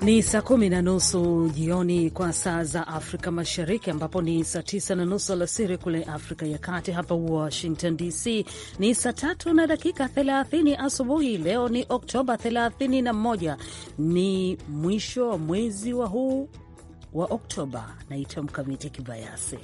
Ni saa kumi na nusu jioni kwa saa za Afrika Mashariki, ambapo ni saa tisa na nusu alasiri kule Afrika ya Kati. Hapa Washington DC ni saa tatu na dakika 30 asubuhi. Leo ni Oktoba 31, ni mwisho wa mwezi wa huu wa Oktoba. Naitwa Mkamiti Kibayasi.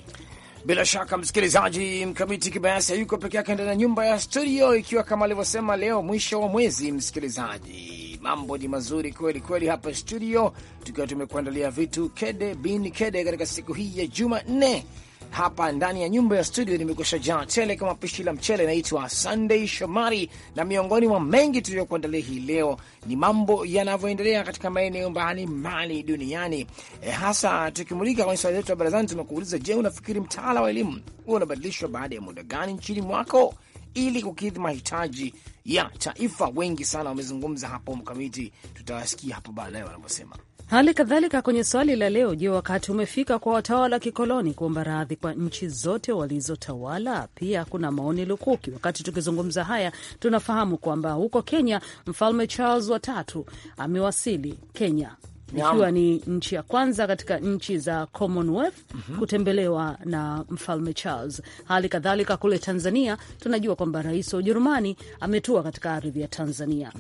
Bila shaka msikilizaji, Mkamiti Kibayasi hayuko peke yake ndani ya nyumba ya studio, ikiwa kama alivyosema leo mwisho wa mwezi, msikilizaji Mambo ni mazuri kweli kweli hapa studio, tukiwa tumekuandalia vitu kede bin kede katika siku hii ya Jumanne. Hapa ndani ya nyumba ya studio nimekusha jaa tele kama pishi la mchele. Naitwa Sunday Shomari, na miongoni mwa mengi tuliyokuandalia hii leo ni mambo yanavyoendelea katika maeneo mbalimbali duniani, e, hasa tukimulika kwenye swali letu la barazani. Tumekuuliza, je, unafikiri mtaala wa elimu huwa unabadilishwa baada ya muda gani nchini mwako? ili kukidhi mahitaji ya taifa. Wengi sana wamezungumza hapo, Mkamiti, tutawasikia hapo baadaye wanavyosema. Hali kadhalika kwenye swali la leo, je, wakati umefika kwa watawala kikoloni kuomba radhi kwa nchi zote walizotawala? Pia kuna maoni lukuki. Wakati tukizungumza haya, tunafahamu kwamba huko Kenya Mfalme Charles watatu amewasili Kenya ikiwa ni nchi ya kwanza katika nchi za Commonwealth mm -hmm. kutembelewa na Mfalme Charles. Hali kadhalika kule Tanzania tunajua kwamba rais wa Ujerumani ametua katika ardhi ya Tanzania,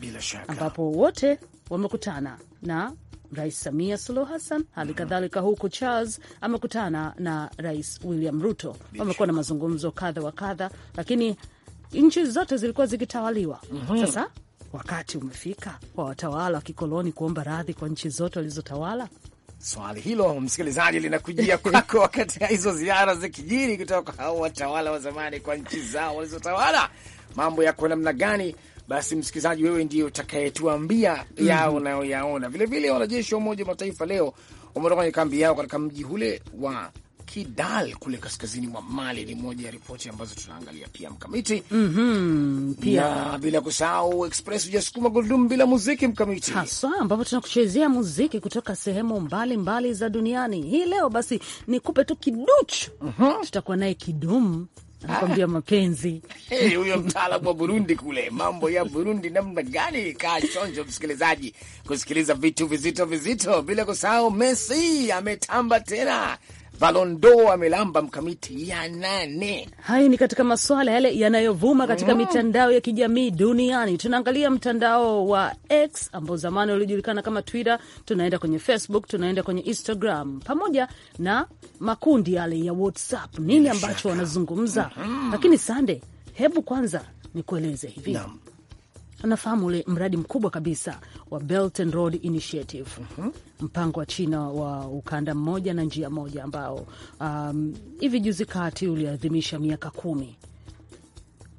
ambapo wote wamekutana na Rais Samia Suluhu Hassan. Hali mhm. kadhalika huku Charles amekutana na Rais William Ruto, wamekuwa na mazungumzo kadha wa kadha, lakini nchi zote zilikuwa zikitawaliwa. mm -hmm. Sasa wakati umefika kwa watawala wa kikoloni kuomba radhi kwa nchi zote walizotawala? Swali hilo msikilizaji, linakujia kwako wakati hizo ziara za kijini kutoka hao watawala wa zamani kwa nchi zao walizotawala. Mambo yako namna gani? Basi msikilizaji, wewe ndio utakayetuambia yao mhm. unayoyaona. Vilevile wanajeshi wa Umoja wa Mataifa leo wameondoka kwenye kambi yao katika mji ule wa Kidal kule kaskazini mwa Mali ni moja ya ripoti ambazo tunaangalia pia mkamiti. mm -hmm, pia na bila kusahau Express hujasukuma gurudumu bila muziki mkamiti, haswa ambapo tunakuchezea muziki kutoka sehemu mbalimbali mbali za duniani hii leo. Basi nikupe tu kiduchu. mm -hmm. tutakuwa naye Kidum nakwambia ah. mapenzi huyo. Hey, mtaalamu wa Burundi kule, mambo ya Burundi namna gani? Kaa chonjo msikilizaji kusikiliza vitu vizito vizito, bila kusahau Messi ametamba tena Valondo amelamba mkamiti ya nane. Hayo ni katika masuala yale yanayovuma katika mm, mitandao ya kijamii duniani. Tunaangalia mtandao wa X ambao zamani ulijulikana kama Twitter, tunaenda kwenye Facebook, tunaenda kwenye Instagram pamoja na makundi yale ya WhatsApp, nini ambacho wanazungumza. Mm -hmm. Lakini Sande, hebu kwanza nikueleze hivi Nam anafahamu ule mradi mkubwa kabisa wa Belt and Road Initiative, mm -hmm. mpango wa China wa ukanda mmoja na njia moja ambao um, hivi um, juzi kati uliadhimisha miaka kumi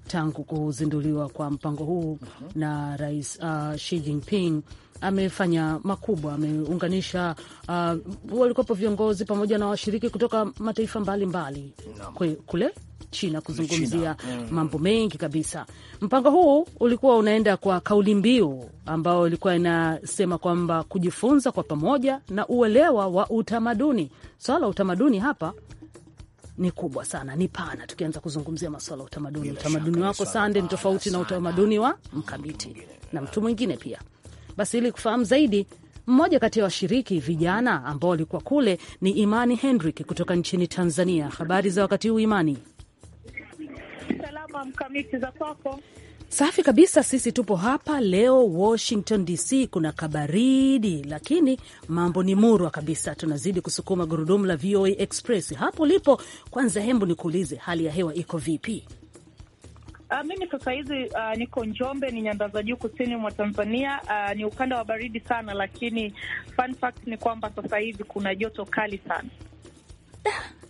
tangu kuzinduliwa kwa mpango huu mm -hmm. na Rais uh, Xi Jinping amefanya makubwa, ameunganisha uh, walikuwepo viongozi pamoja na washiriki kutoka mataifa mbalimbali mbali. kule China kuzungumzia mm. mambo mengi kabisa. Mpango huu ulikuwa unaenda kwa kauli mbiu ambayo ilikuwa inasema kwamba kujifunza kwa pamoja na uelewa wa utamaduni. Swala la utamaduni hapa ni kubwa sana, ni pana. Tukianza kuzungumzia maswala ya utamaduni, utamaduni wako sande ni tofauti na utamaduni wa mkamiti na mtu mwingine pia basi ili kufahamu zaidi mmoja kati ya wa washiriki vijana ambao walikuwa kule ni Imani Hendrik kutoka nchini Tanzania. Habari za wakati huu Imani? Salama mkamiti, za kwako? Safi kabisa, sisi tupo hapa leo Washington DC, kuna kabaridi lakini mambo ni murwa kabisa. Tunazidi kusukuma gurudumu la VOA Express. Hapo ulipo kwanza, hembu nikuulize hali ya hewa iko vipi? Uh, mimi sasa hizi uh, niko Njombe, ni nyanda za juu kusini mwa Tanzania. Uh, ni ukanda wa baridi sana, lakini fun fact ni kwamba sasa hivi kuna joto kali sana.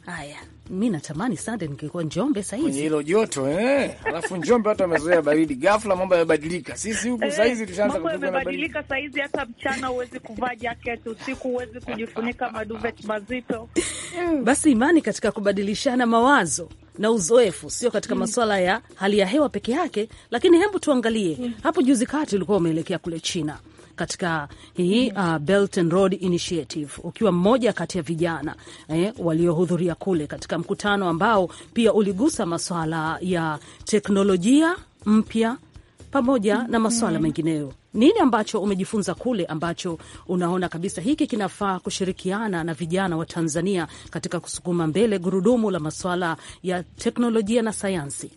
Haya, mi natamani sande nikikuwa Njombe sahizi kwenye hilo joto eh. Alafu Njombe watu wamezoea baridi, ghafla mambo yamebadilika. Sisi huku eh, sahizi tushaanza kupigwa yamebadilika sahizi, hata mchana huwezi kuvaa jaket usiku huwezi kujifunika maduvet mazito. Basi imani katika kubadilishana mawazo na uzoefu, sio katika mm. masuala ya hali ya hewa peke yake. Lakini hebu tuangalie mm. hapo juzi kati ulikuwa umeelekea kule China katika hii mm. uh, Belt and Road Initiative ukiwa mmoja kati ya vijana eh, waliohudhuria kule katika mkutano ambao pia uligusa masuala ya teknolojia mpya pamoja na masuala mengineyo nini ambacho umejifunza kule ambacho unaona kabisa hiki kinafaa kushirikiana na vijana wa Tanzania katika kusukuma mbele gurudumu la masuala ya teknolojia na sayansi?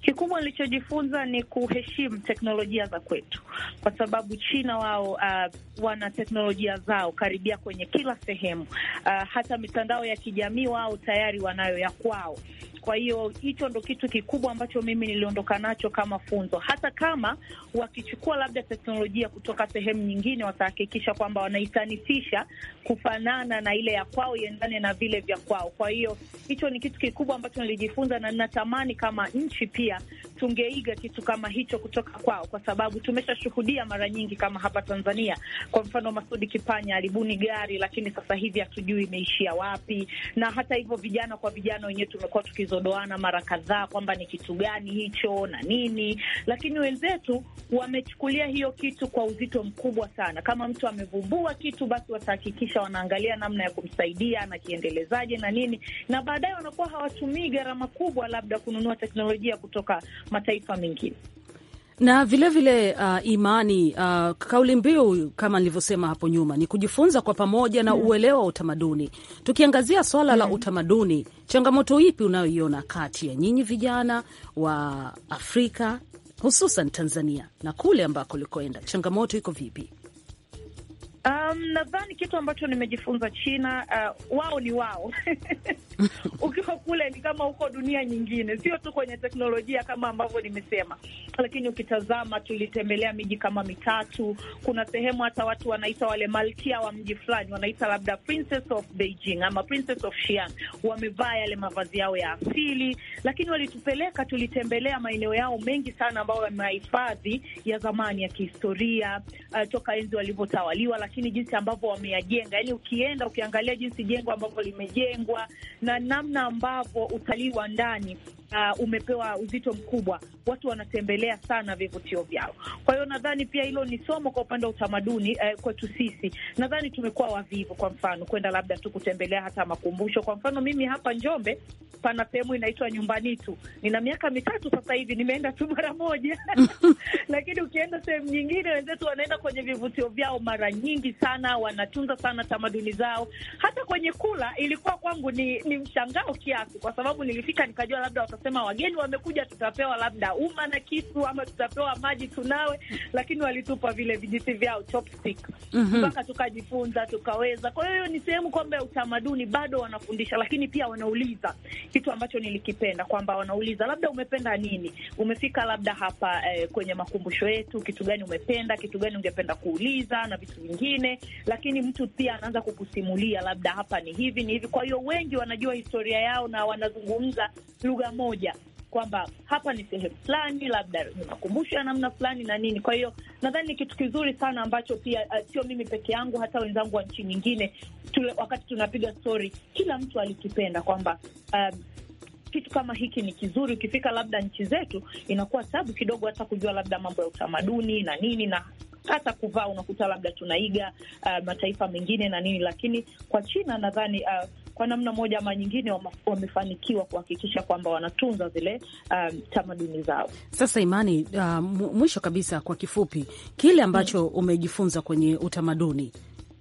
Kikubwa nilichojifunza ni kuheshimu teknolojia za kwetu, kwa sababu China wao uh, wana teknolojia zao karibia kwenye kila sehemu. Uh, hata mitandao ya kijamii wao tayari wanayo ya kwao. Kwa hiyo hicho ndo kitu kikubwa ambacho mimi niliondoka nacho kama funzo. Hata kama wakichukua labda teknolojia kutoka sehemu nyingine, watahakikisha kwamba wanaitanisisha kufanana na ile ya kwao, iendane na vile vya kwao. Kwa hiyo hicho ni kitu kikubwa ambacho nilijifunza, na ninatamani kama nchi pia tungeiga kitu kama hicho kutoka kwao, kwa sababu tumeshashuhudia mara nyingi kama hapa Tanzania. Kwa mfano, Masudi Kipanya alibuni gari, lakini sasa hivi hatujui imeishia wapi. Na hata hivyo, vijana kwa vijana wenyewe tumekuwa tukizodoana mara kadhaa kwamba ni kitu gani hicho na nini, lakini wenzetu wamechukulia hiyo kitu kwa uzito mkubwa sana. Kama mtu amevumbua kitu, basi watahakikisha wanaangalia namna ya kumsaidia na kiendelezaje na nini, na baadaye wanakuwa hawatumii gharama kubwa labda kununua teknolojia kutoka mataifa mengine na vilevile vile, uh, imani uh, kauli mbiu kama nilivyosema hapo nyuma ni kujifunza kwa pamoja na mm. uelewa wa utamaduni. Tukiangazia swala mm. la utamaduni, changamoto ipi unayoiona kati ya nyinyi vijana wa Afrika hususan Tanzania na kule ambako ulikoenda, changamoto iko vipi? Um, nadhani kitu ambacho nimejifunza China, uh, wao ni wao ukiwa kule ni kama uko dunia nyingine, sio tu kwenye teknolojia kama ambavyo nimesema, lakini ukitazama, tulitembelea miji kama mitatu. Kuna sehemu hata watu wanaita wale malkia wa mji fulani wanaita labda Princess of Beijing ama Princess of Xi'an, wamevaa yale mavazi yao ya asili, lakini walitupeleka, tulitembelea maeneo yao mengi sana ambayo yamehifadhi ya zamani ya kihistoria, uh, toka enzi walivyotawaliwa lakini jinsi ambavyo wameyajenga, yaani ukienda ukiangalia jinsi jengo ambavyo limejengwa na namna ambavyo utalii wa ndani uh, umepewa uzito mkubwa, watu wanatembelea sana vivutio vyao. Kwa hiyo nadhani pia hilo ni somo kwa upande wa utamaduni eh, kwetu sisi. Nadhani tumekuwa wavivu, kwa mfano kwenda labda tu kutembelea hata makumbusho. Kwa mfano mimi hapa Njombe pana sehemu inaitwa nyumbani tu, nina miaka mitatu sasa hivi nimeenda tu mara moja lakini ukienda sehemu nyingine, wenzetu wanaenda kwenye vivutio vyao mara nyingi sana, wanatunza sana tamaduni zao. Hata kwenye kula ilikuwa kwangu ni, ni mshangao kiasi, kwa sababu nilifika nikajua labda wakasema wageni wamekuja, tutapewa labda uma na kisu ama tutapewa maji tunawe, lakini walitupa vile vijiti vyao chopstick mhm. mpaka tukajifunza tukaweza. Kwa hiyo ni sehemu kwamba ya utamaduni bado wanafundisha, lakini pia wanauliza kitu ambacho nilikipenda kwamba wanauliza labda umependa nini, umefika labda hapa eh, kwenye makumbusho yetu, kitu gani umependa, kitu gani ungependa kuuliza na vitu vingine, lakini mtu pia anaanza kukusimulia labda hapa ni hivi ni hivi. Kwa hiyo wengi wanajua historia yao na wanazungumza lugha moja moja kwamba hapa ni sehemu fulani, labda ni makumbusho ya namna fulani na nini. Kwa hiyo nadhani ni kitu kizuri sana ambacho pia eh, sio mimi peke yangu, hata wenzangu wa nchi nyingine tule, wakati tunapiga stori, kila mtu alikipenda kwamba um, kitu kama hiki ni kizuri. Ukifika labda nchi zetu inakuwa tabu kidogo, hata kujua labda mambo ya utamaduni na nini na hata kuvaa unakuta labda tunaiga uh, mataifa mengine na nini, lakini kwa China nadhani uh, kwa namna moja ama nyingine wamefanikiwa kuhakikisha kwamba wanatunza zile um, tamaduni zao. Sasa Imani, uh, mwisho kabisa, kwa kifupi, kile ambacho hmm, umejifunza kwenye utamaduni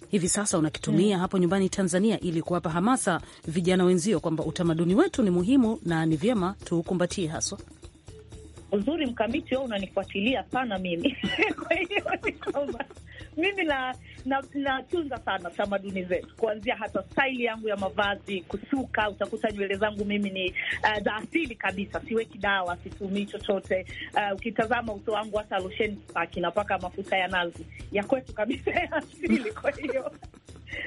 hivi sasa unakitumia hmm, hapo nyumbani Tanzania ili kuwapa hamasa vijana wenzio kwamba utamaduni wetu ni muhimu na ni vyema tuukumbatie haswa. Uzuri mkamiti, wao unanifuatilia sana mimi kwa hiyo ni kwamba mimi na natunza na sana tamaduni zetu, kuanzia hata staili yangu ya mavazi, kusuka. Utakuta nywele zangu mimi ni uh, za asili kabisa, siweki dawa, situmii chochote. Uh, ukitazama uso wangu hata losheni sipaki, napaka mafuta ya nazi ya kwetu kabisa ya asili, kwa hiyo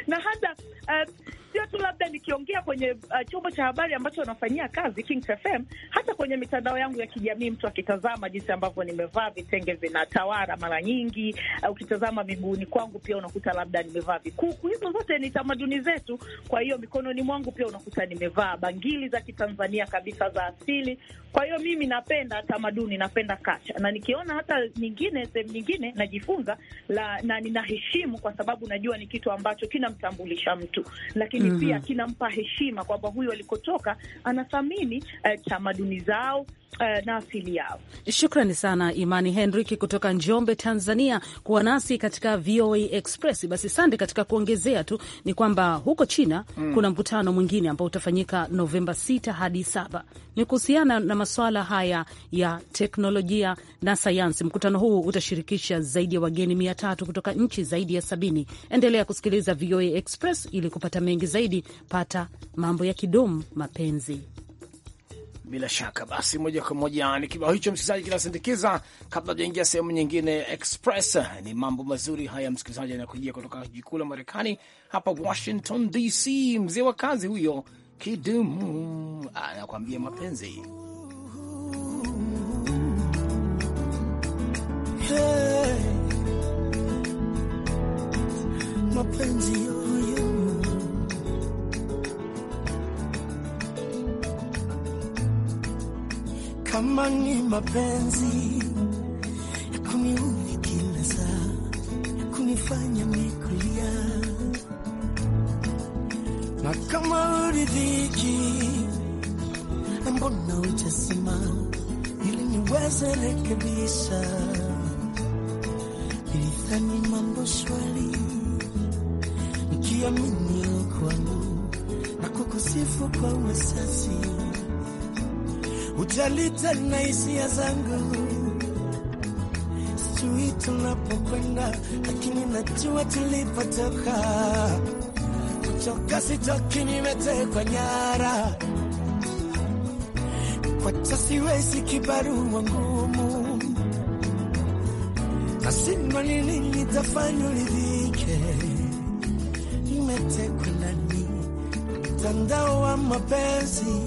na hata eh, sio uh, tu labda nikiongea kwenye uh, chombo cha habari ambacho wanafanyia kazi Kings FM, hata kwenye mitandao yangu ya kijamii, mtu akitazama jinsi ambavyo nimevaa vitenge vinatawara mara nyingi. Uh, ukitazama miguuni kwangu pia unakuta labda nimevaa vikuku. Hizo zote ni tamaduni zetu. Kwa hiyo mikononi mwangu pia unakuta nimevaa bangili za Kitanzania kabisa za asili. Kwa hiyo mimi napenda tamaduni, napenda kacha, na nikiona hata nyingine sehemu nyingine najifunza la, na ninaheshimu kwa sababu najua ni kitu ambacho kinamtambulisha mtu, lakini mm -hmm. pia mhm. kinampa heshima kwamba huyu alikotoka anathamini uh, tamaduni zao Uh, na asili yao. Shukrani sana Imani Henrik kutoka Njombe, Tanzania, kuwa nasi katika VOA Express. Basi sande, katika kuongezea tu ni kwamba huko China mm, kuna mkutano mwingine ambao utafanyika Novemba 6 hadi 7 ni kuhusiana na masuala haya ya teknolojia na sayansi. Mkutano huu utashirikisha zaidi ya wageni mia tatu kutoka nchi zaidi ya sabini. Endelea kusikiliza VOA Express ili kupata mengi zaidi. Pata mambo ya kidomu mapenzi bila shaka basi, moja kwa moja ni kibao hicho msikilizaji kinasindikiza. Kabla tujaingia sehemu nyingine express, ni mambo mazuri haya msikilizaji, anakujia kutoka jiji kuu la Marekani hapa Washington DC. Mzee wa kazi huyo Kidumu anakuambia mapenzi hey, mapenzi kama ni mapenzi ya kuniudhi kila saa, ya kunifanya mekulia, na kama uridhiki, mbona utasema ili niweze rekebisha? Nilidhani mambo shwari, nikiamini kwangu na kukusifu kwa uwasasi utalita na hisia zangu, sijui tunapokwenda, lakini najua tulipotoka. Kuchoka sitoki, nimetekwa nyara, kwa siwezi, kibarua ngumu, nasima ni nini tafanya lidhike, nimetekwa nani, mtandao wa mapenzi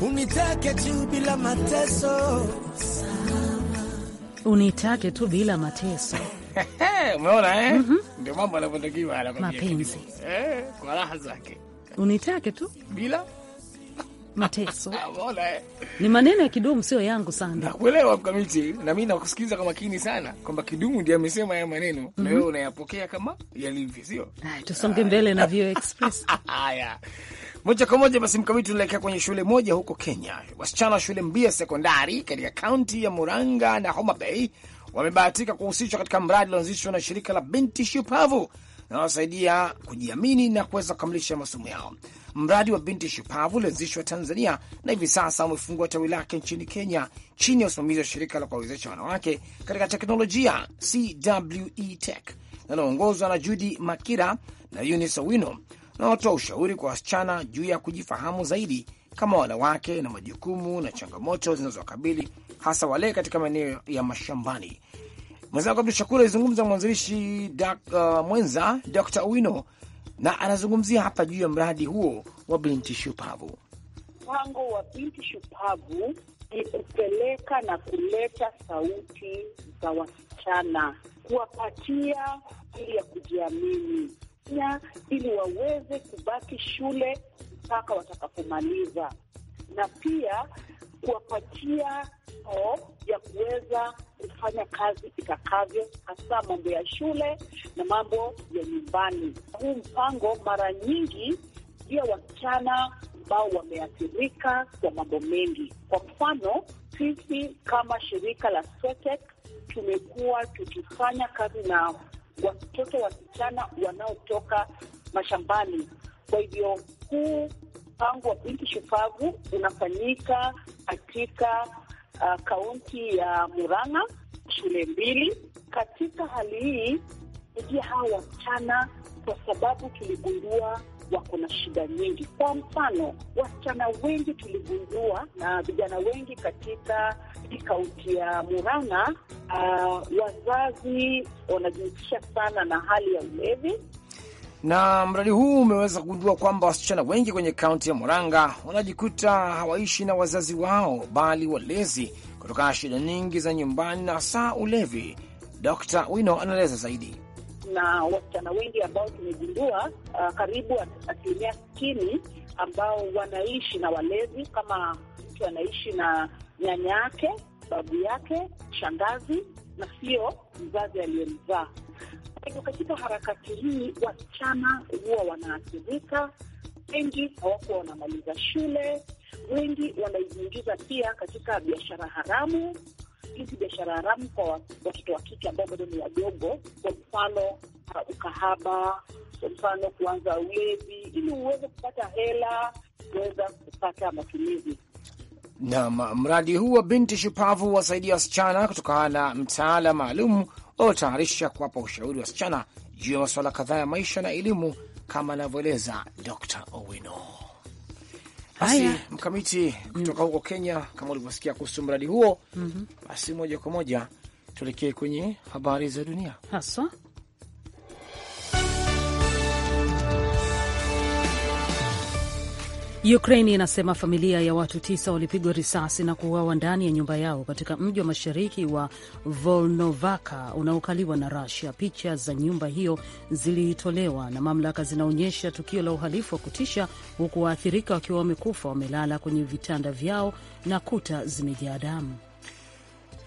unitake tu bila mateso, unitake tu bila mateso. Umeona eh? mm -hmm. Ndio mambo yanavyotakiwa mapenzi eh, kwa raha zake, unitake tu bila mateso ni maneno ya Kidumu, sio yangu sana. Nakuelewa Mkamiti, na mi nakusikiliza kwa makini sana kwamba Kidumu ndi amesema haya maneno mm -hmm. na wewe mhm. unayapokea kama yalivyo, sio? Tusonge mbele na Vio Express. Haya, moja kwa moja basi, Mkamiti, tunaelekea kwenye shule moja huko Kenya. Wasichana wa shule mbili sekondari katika kaunti ya Muranga na Homa Bay wamebahatika kuhusishwa katika mradi ulioanzishwa na shirika la Binti Shupavu nawasaidia kujiamini na kuweza kukamilisha masomo yao. Mradi wa binti shupavu ulianzishwa Tanzania na hivi sasa umefungua tawi lake nchini Kenya chini ya usimamizi wa shirika la kuwawezesha wanawake katika teknolojia CWE Tech linaloongozwa na Judy Makira na Eunice Owino, naotoa ushauri kwa wasichana juu ya kujifahamu zaidi kama wanawake na majukumu na changamoto zinazowakabili hasa wale katika maeneo ya mashambani. Mwenzangu Abdu Shakur alizungumza mwanzilishi uh, mwenza Dr. wino na anazungumzia hapa juu ya mradi huo wa binti shupavu. Mpango wa binti shupavu ni kupeleka na kuleta sauti za wasichana, kuwapatia ili ya kujiamini na ili waweze kubaki shule mpaka watakapomaliza, na pia kuwapatia o ya kuweza kufanya kazi itakavyo, hasa mambo ya shule na mambo ya nyumbani. Huu mpango mara nyingi ndio wasichana ambao wameathirika kwa mambo mengi. Kwa mfano, sisi kama shirika la SWETEC tumekuwa tukifanya kazi na watoto wasichana wanaotoka mashambani. Kwa hivyo huu mpango wa Binti Shupavu unafanyika katika uh, kaunti ya Murang'a, shule mbili. Katika hali hii saidia hawa wasichana, kwa sababu tuligundua wako na shida nyingi. Kwa mfano, wasichana wengi tuligundua na vijana wengi katika kaunti ya Murang'a, uh, wazazi wanajihusisha sana na hali ya ulevi na mradi huu umeweza kugundua kwamba wasichana wengi kwenye kaunti ya Murang'a wanajikuta hawaishi na wazazi wao bali walezi, kutokana na shida nyingi za nyumbani na saa ulevi. Dr. Wino anaeleza zaidi na wasichana wengi ambao tumegundua uh, karibu asilimia sitini ambao wanaishi na walezi. Kama mtu anaishi na nyanya yake, babu yake, shangazi na sio mzazi aliyemzaa hivyo katika harakati hii wasichana huwa wanaathirika, wengi hawakuwa wanamaliza shule, wengi wanajiingiza pia katika biashara haramu. Hizi biashara haramu kwa watoto wa kike ambao bado ni wadogo, kwa mfano uh, ukahaba, kwa mfano kuanza ulevi, ili uweze kupata hela, kuweza kupata matumizi nam. Mradi huu wa Binti Shupavu wasaidia wasichana kutokana na mtaala maalum wanaotayarisha kuwapa ushauri wasichana juu ya masuala kadhaa ya maisha na elimu kama anavyoeleza Dr. Owino. Basi mkamiti mm. kutoka huko Kenya, kama ulivyosikia kuhusu mradi huo, mhm. basi moja kwa moja tuelekee kwenye habari za dunia haswa. Ukraini inasema familia ya watu tisa walipigwa risasi na kuuawa ndani ya nyumba yao katika mji wa mashariki wa Volnovaka unaokaliwa na Rusia. Picha za nyumba hiyo zilitolewa na mamlaka, zinaonyesha tukio la uhalifu wa kutisha, huku waathirika wakiwa wamekufa wamelala kwenye vitanda vyao na kuta zimejaa damu.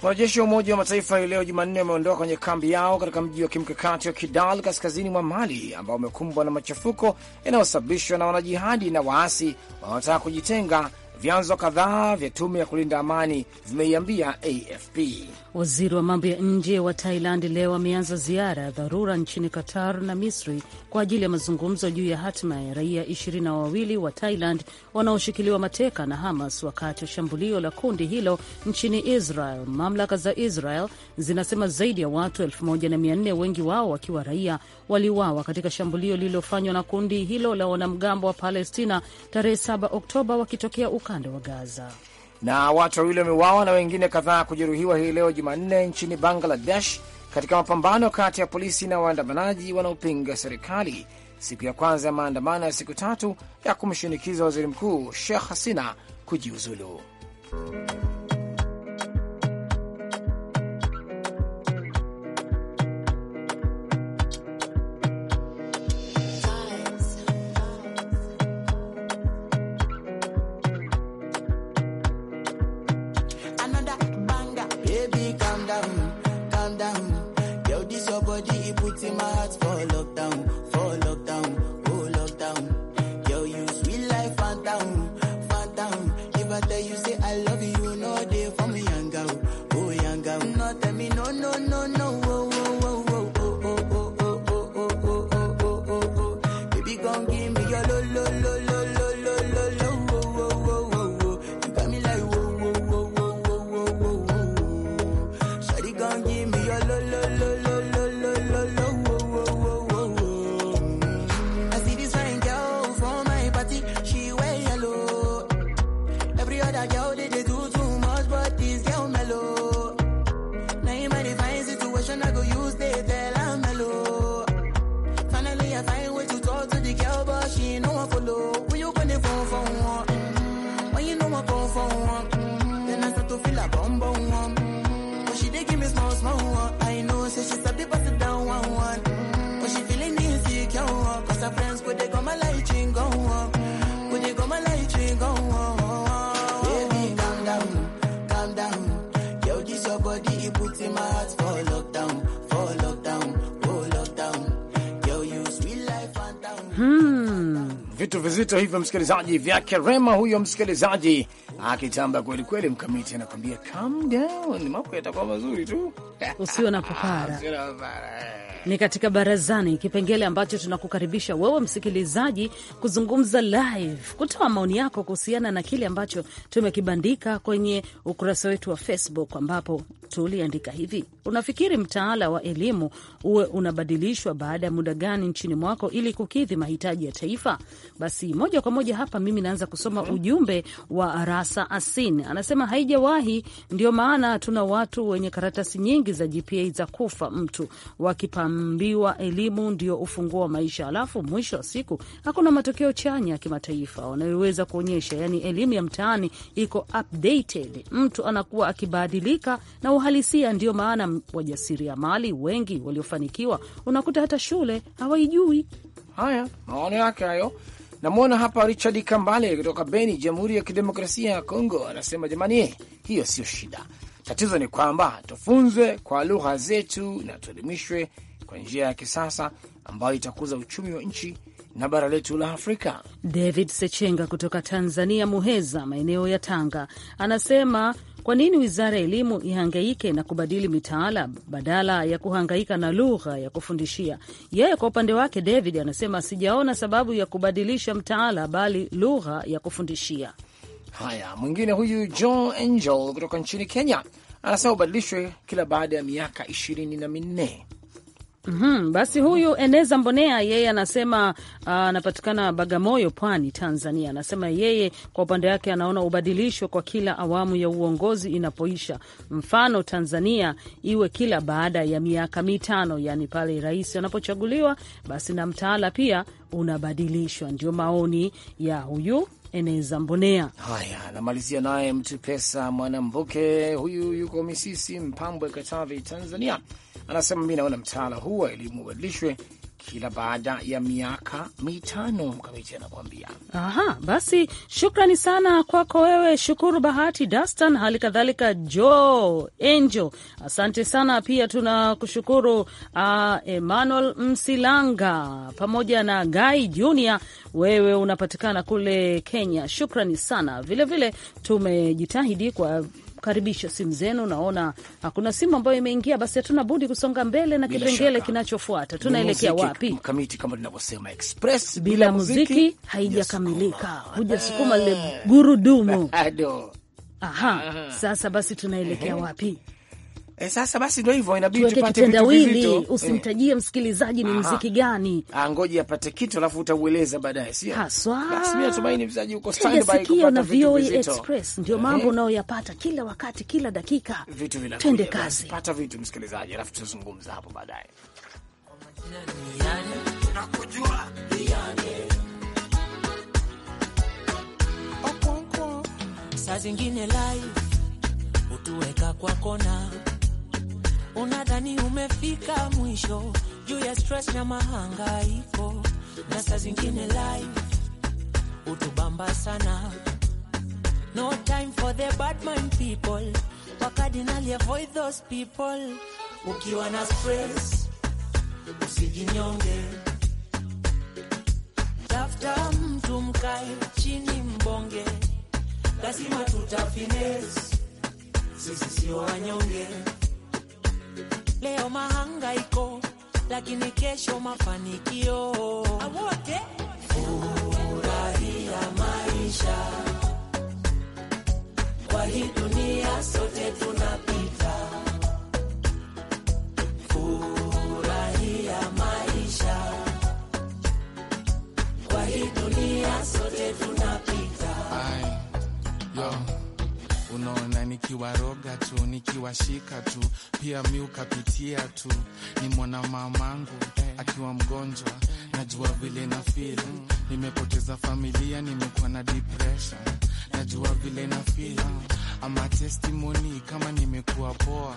Wanajeshi wa Umoja wa Mataifa hii leo Jumanne wameondoka kwenye kambi yao katika mji wa kimkakati wa Kidal kaskazini mwa Mali ambao umekumbwa na machafuko yanayosababishwa na wanajihadi na waasi wanaotaka kujitenga, vyanzo kadhaa vya tume ya kulinda amani vimeiambia AFP. Waziri wa mambo ya nje wa Thailand leo ameanza ziara ya dharura nchini Qatar na Misri kwa ajili ya mazungumzo juu ya hatima ya raia ishirini na wawili wa Thailand wanaoshikiliwa mateka na Hamas wakati wa shambulio la kundi hilo nchini Israel. Mamlaka za Israel zinasema zaidi ya watu 1400 wengi wao wakiwa raia, waliuawa katika shambulio lililofanywa na kundi hilo la wanamgambo wa Palestina tarehe 7 Oktoba wakitokea ukanda wa Gaza. Na watu wawili wameuawa na wengine kadhaa kujeruhiwa hii leo Jumanne nchini Bangladesh katika mapambano kati ya polisi na waandamanaji wanaopinga serikali siku ya kwanza ya maandamano ya siku tatu ya kumshinikiza waziri mkuu Sheikh Hasina kujiuzulu. nobody it puts in my heart for lockdown, for lockdown, for lockdown. Yo, you sweet life and down. Hmm. Vitu vizito hivyo msikilizaji, vya Kerema huyo msikilizaji akitamba kweli kweli, mkamiti anakwambia calm down, mambo yatakuwa mazuri tu, usio na papara eh ni katika barazani, kipengele ambacho tunakukaribisha wewe msikilizaji kuzungumza live, kutoa maoni yako kuhusiana na kile ambacho tumekibandika kwenye ukurasa wetu wa Facebook, ambapo tuliandika hivi: unafikiri mtaala wa elimu uwe unabadilishwa baada ya muda gani nchini mwako ili kukidhi mahitaji ya taifa? Basi moja kwa moja hapa mimi naanza kusoma mhm. ujumbe wa Rasa Asin, anasema haijawahi, ndio maana tuna watu wenye karatasi nyingi za GPA za kufa mtu wakipam tunaambiwa elimu ndio ufunguo wa maisha, alafu mwisho wa siku hakuna matokeo chanya ya kimataifa wanayoweza kuonyesha. Yani elimu ya mtaani iko updated, mtu anakuwa akibadilika na uhalisia. Ndio maana wajasiriamali wengi waliofanikiwa unakuta hata shule hawaijui. Haya, maono yake hayo. Namwona hapa Richard Kambale kutoka Beni, Jamhuri ya Kidemokrasia ya Kongo, anasema jamani, hiyo sio shida. Tatizo ni kwamba tufunzwe kwa lugha zetu na tuelimishwe kwa njia ya kisasa ambayo itakuza uchumi wa nchi na bara letu la Afrika. David Sechenga kutoka Tanzania, Muheza, maeneo ya Tanga, anasema kwa nini wizara ya elimu ihangaike na kubadili mitaala badala ya kuhangaika na lugha ya kufundishia? Yeye kwa upande wake David anasema sijaona sababu ya kubadilisha mtaala, bali lugha ya kufundishia. Haya, mwingine huyu John Angel kutoka nchini Kenya anasema ubadilishwe kila baada ya miaka ishirini na minne. Mm -hmm. Basi huyu Eneza Mbonea yeye anasema ah, anapatikana uh, Bagamoyo, Pwani, Tanzania. Anasema yeye kwa upande wake anaona ubadilisho kwa kila awamu ya uongozi inapoisha, mfano Tanzania iwe kila baada ya miaka mitano, yani pale rais anapochaguliwa basi na mtaala pia unabadilishwa. Ndio maoni ya huyu eneza Mbonea. Haya, namalizia naye mtu pesa Mwanambuke, huyu yuko Misisi Mpambwe, Katavi, Tanzania, anasema mi naona mtaala huu wa elimu ubadilishwe kila baada ya miaka mitano. Mkamiti anakuambia. Aha, basi shukrani sana kwako wewe Shukuru Bahati Dastan, hali kadhalika Jo Enjo, asante sana pia. Tunakushukuru uh, Emmanuel Msilanga pamoja na Gai Junior, wewe unapatikana kule Kenya. Shukrani sana vilevile, tumejitahidi kwa kukaribisha simu zenu. Naona hakuna simu ambayo imeingia, basi hatuna budi kusonga mbele na kipengele kinachofuata. Tunaelekea wapi? Mkamiti, kama tunavyosema express bila, bila muziki haijakamilika, hujasukuma lile eh. gurudumu. Aha, sasa basi tunaelekea wapi? E, sasa basi ndio hivyo, inabidi tupate kitendawili. Eh. Usimtajie e, msikilizaji ni muziki gani, ah, ngoja apate kitu alafu utaueleza baadaye, sio haswa. Basi mimi natumaini mzaji uko standby kupata vitu express, ndio eh. mambo unayoyapata kila wakati, kila dakika. Vitu vinakuja, twende kazi, pata vitu msikilizaji, alafu tuzungumza hapo baadaye. Saa zingine live utuweka kwa kona unadhani umefika mwisho juu ya stress na mahangaiko, na saa zingine life utubamba sana. No time for the bad mind people, wakadinali avoid those people. Ukiwa na stress usijinyonge, tafuta mtu mkae chini mbonge, lazima tutafines, sisi sio wanyonge leo mahangaiko, lakini kesho mafanikio. Awote furahia maisha, kwa hii dunia sote tunapita. Furahia maisha, kwa hii dunia sote tunapita. Unaona, nikiwa roga tu, nikiwa shika tu, pia mi ukapitia tu. Ni mwana mamangu eh, akiwa mgonjwa, najua vile na feel. Nimepoteza familia, nimekuwa na depression, najua vile na feel. Ama testimony kama nimekuwa poa,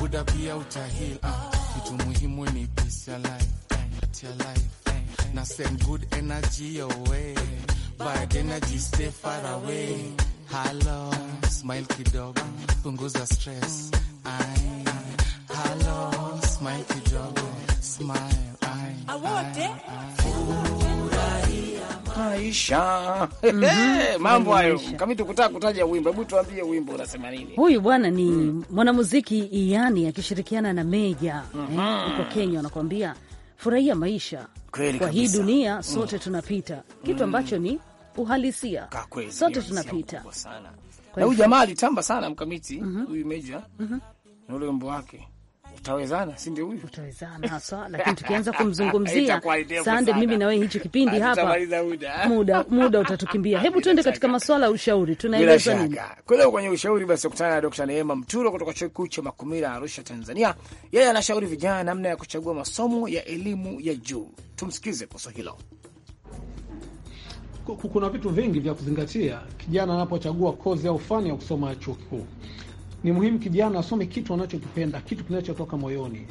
buda pia utahil. Ah, kitu uh, muhimu ni peace ya life, eh, ya life eh. na send good energy away, bad energy stay far away Halo, smile kidogo, punguza stress. Ai, halo, smile kidogo, smile. Awote. Aisha, Mm -hmm. mambo hayo. Kama tukutaka kutaja wimbo, hebu tuambie wimbo unasema nini? Huyu bwana ni mwanamuziki mm. mwanamuziki Iyani akishirikiana na Meja mm huko -hmm. eh, Kenya anakuambia furahia maisha. Kweli kwa hii dunia mm. sote mm. tunapita, kitu ambacho ni uhalisia, sote tunapita. Na huyu jamaa alitamba sana mkamiti mhm. huyu meja mhm. na ule wimbo wake Utawezana, si ndio huyu? Utawezana haswa, lakini tukianza kumzungumzia Sande, mimi na wewe hichi kipindi hapa muda, muda utatukimbia. Hebu tuende katika masuala ya ushauri, tunaeleza nini kule kwenye ushauri? Basi kutana na Dr. Neema Mturo kutoka chuo kikuu cha Makumira, Arusha, Tanzania. Yeye anashauri vijana namna ya kuchagua masomo ya elimu ya juu. Tumsikize kuhusu hilo kuna vitu vingi vya kuzingatia kijana anapochagua kozi au fani ya kusoma chuo kikuu. Ni muhimu kijana asome kitu anachokipenda, kitu kinachotoka moyoni.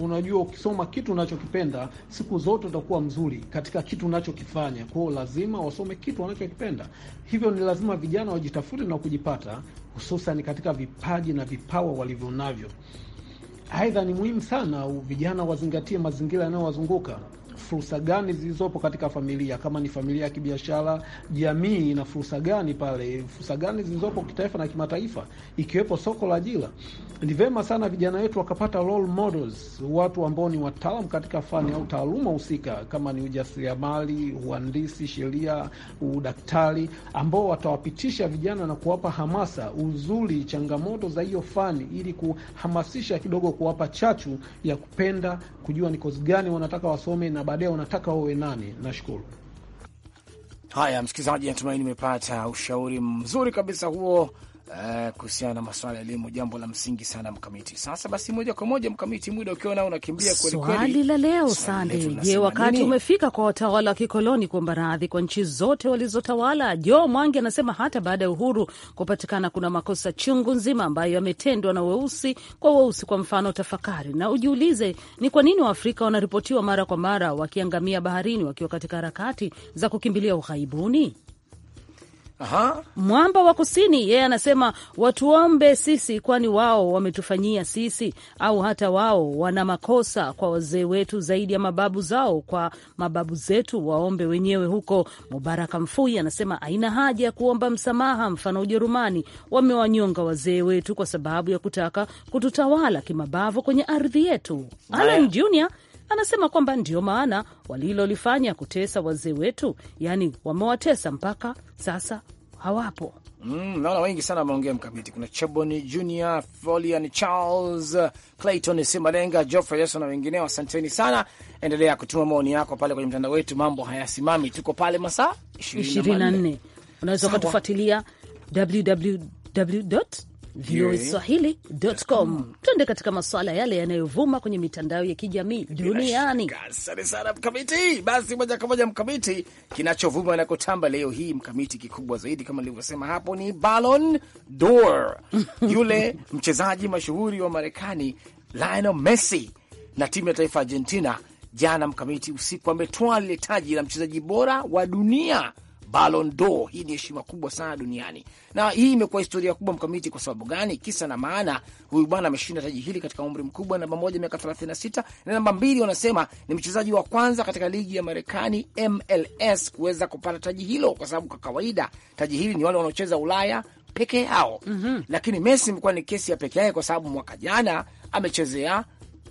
Unajua, ukisoma kitu unachokipenda siku zote utakuwa mzuri katika kitu unachokifanya. Kwao lazima wasome kitu wanachokipenda, hivyo ni lazima vijana wajitafute na kujipata, hususan katika vipaji na vipawa walivyo navyo. Aidha, ni muhimu sana vijana wazingatie mazingira yanayowazunguka fursa gani zilizopo katika familia, kama ni familia ya kibiashara, jamii ina fursa gani pale, fursa gani zilizopo kitaifa na kimataifa, ikiwepo soko la ajira. Ni vema sana vijana wetu wakapata role models, watu ambao ni wataalamu katika fani au taaluma husika, kama ni ujasiriamali, uhandisi, sheria, udaktari, ambao watawapitisha vijana na kuwapa hamasa, uzuri, changamoto za hiyo fani, ili kuhamasisha kidogo, kuwapa chachu ya kupenda kujua ni kozi gani wanataka wasome na baadaye wanataka wawe nani. Nashukuru. Haya, msikilizaji, natumaini umepata ushauri mzuri kabisa huo Eh, kuhusiana na masuala ya elimu, jambo la msingi sana Mkamiti. Sasa basi, moja kwa moja Mkamiti, muda ukiwa nao unakimbia kweli kweli. Swali la leo Sande, je, wakati nini umefika kwa watawala wa kikoloni kuomba radhi kwa nchi zote walizotawala? Jo Mwangi anasema hata baada ya uhuru kupatikana kuna makosa chungu nzima ambayo yametendwa na weusi kwa weusi. Kwa mfano, tafakari na ujiulize ni kwa nini Waafrika wanaripotiwa mara kwa mara wakiangamia baharini wakiwa katika harakati za kukimbilia ughaibuni. Aha. Mwamba wa Kusini yeye, anasema watuombe sisi, kwani wao wametufanyia sisi, au hata wao wana makosa kwa wazee wetu zaidi ya mababu zao, kwa mababu zetu waombe wenyewe huko. Mubaraka Mfui anasema aina haja ya kuomba msamaha, mfano Ujerumani wamewanyonga wazee wetu kwa sababu ya kutaka kututawala kimabavu kwenye ardhi yetu. Alan Junior Anasema kwamba ndiyo maana walilolifanya kutesa wazee wetu, yaani wamewatesa mpaka sasa hawapo. Mm, naona wengi sana wameongea mkamiti. Kuna Cheboni Junior, Folian Charles, Clayton Simalenga, Geoffrey Yeso na wengineo. Asanteni sana, endelea kutuma maoni yako pale kwenye mtandao wetu. Mambo hayasimami, tuko pale masaa 24. Unaweza ukatufuatilia www voaswahili.com. Twende katika masuala yale yanayovuma kwenye mitandao ya kijamii duniani. Asante sana Mkamiti. Basi moja kwa moja Mkamiti, kinachovuma na kutamba leo hii Mkamiti, kikubwa zaidi kama nilivyosema hapo ni Ballon d'Or, yule mchezaji mashuhuri wa Marekani Lionel Messi na timu ya taifa Argentina jana Mkamiti usiku ametoa lile taji la mchezaji bora wa dunia Ballon d'Or. Hii ni heshima kubwa sana duniani, na hii imekuwa historia kubwa mkamiti. Kwa sababu gani? Kisa na maana, huyu bwana ameshinda taji hili katika umri mkubwa, namba moja, miaka 36, na namba mbili, wanasema ni mchezaji wa kwanza katika ligi ya Marekani MLS kuweza kupata taji hilo, kwa sababu kwa kawaida taji hili ni wale wanaocheza Ulaya peke yao. mm -hmm. Lakini Messi imekuwa ni kesi ya peke yake, kwa sababu mwaka jana amechezea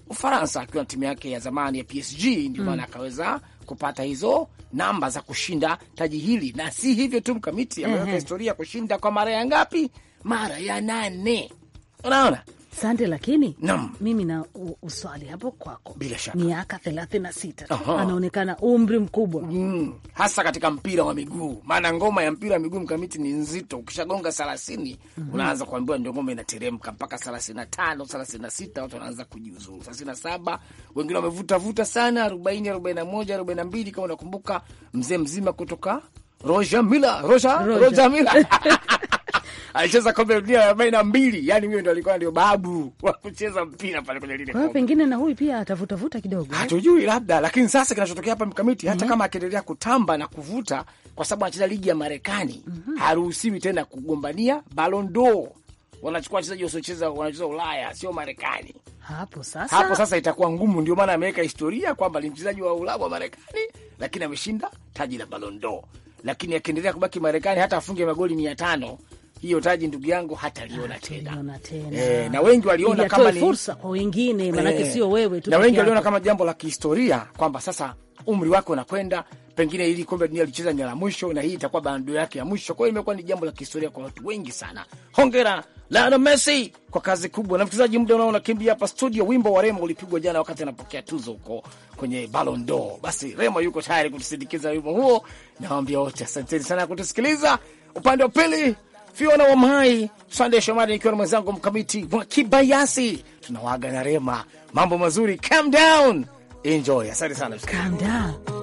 Ufaransa akiwa na timu yake ya zamani ya PSG, ndio maana mm. akaweza kupata hizo namba za kushinda taji hili, na si hivyo tu, mkamiti ameweka mm -hmm. historia kushinda kwa mara ya ngapi? Mara ya nane. Unaona, Sante, lakini Nam. mimi na uswali hapo kwako, bila shaka miaka sita anaonekana umri mkubwa mm, hasa katika mpira wa miguu, maana ngoma ya mpira wa miguu mkamiti ni nzito. Ukishagonga 30 mm -hmm. unaanza kuambiwa ndio ngoma inateremka mpaka tano na sita watu wanaanza kujiuzuru saba wengine wamevutavuta sana arobaini na mbili kama unakumbuka mzee mzima kutoka Roger Mila Roger Mila alicheza kombe la dunia arobaini na mbili. Yani huyo ndo alikuwa ndio babu wa kucheza mpira pale kwenye lile Kwa hiyo Pengine na huyu pia atavutavuta kidogo, eh? hatujui labda. Lakini sasa kinachotokea hapa mkamiti, hata mm -hmm. kama akiendelea kutamba na kuvuta, kwa sababu anacheza ligi ya Marekani mm -hmm. haruhusiwi tena kugombania Ballon d'Or wanachukua wachezaji wasiocheza wanacheza Ulaya, sio Marekani. Hapo sasa, hapo sasa itakuwa ngumu. Ndio maana ameweka historia kwamba ni mchezaji wa Ulaya wa Marekani, lakini ameshinda taji la Ballon d'Or. Lakini akiendelea kubaki Marekani, hata afunge magoli mia tano hiyo taji ndugu yangu hataliona tena e, na wengi waliona kama ni fursa kwa wengine, eh, maanake sio wewe tu, na wengi waliona kama jambo la kihistoria kwamba sasa umri wake unakwenda pengine ili kombe dunia alicheza nyara mwisho na hii itakuwa bando yake ya mwisho. Kwa hiyo imekuwa ni jambo la kihistoria kwa watu wengi sana. Hongera Lionel Messi kwa kazi kubwa. Na mchezaji, muda unao unakimbia hapa studio. Wimbo wa Rema ulipigwa jana wakati anapokea tuzo huko kwenye Ballon d'Or. Basi Rema yuko tayari kutusindikiza wimbo huo. Nawaambia wote asanteni sana kutusikiliza. Upande wa pili Fiona wa Mai, Sande Shomari, nikiwa na mwenzangu Mkamiti wa Kibayasi, tunawaaga na rema. Mambo mazuri, calm down, enjoy. Asante sana. Calm down.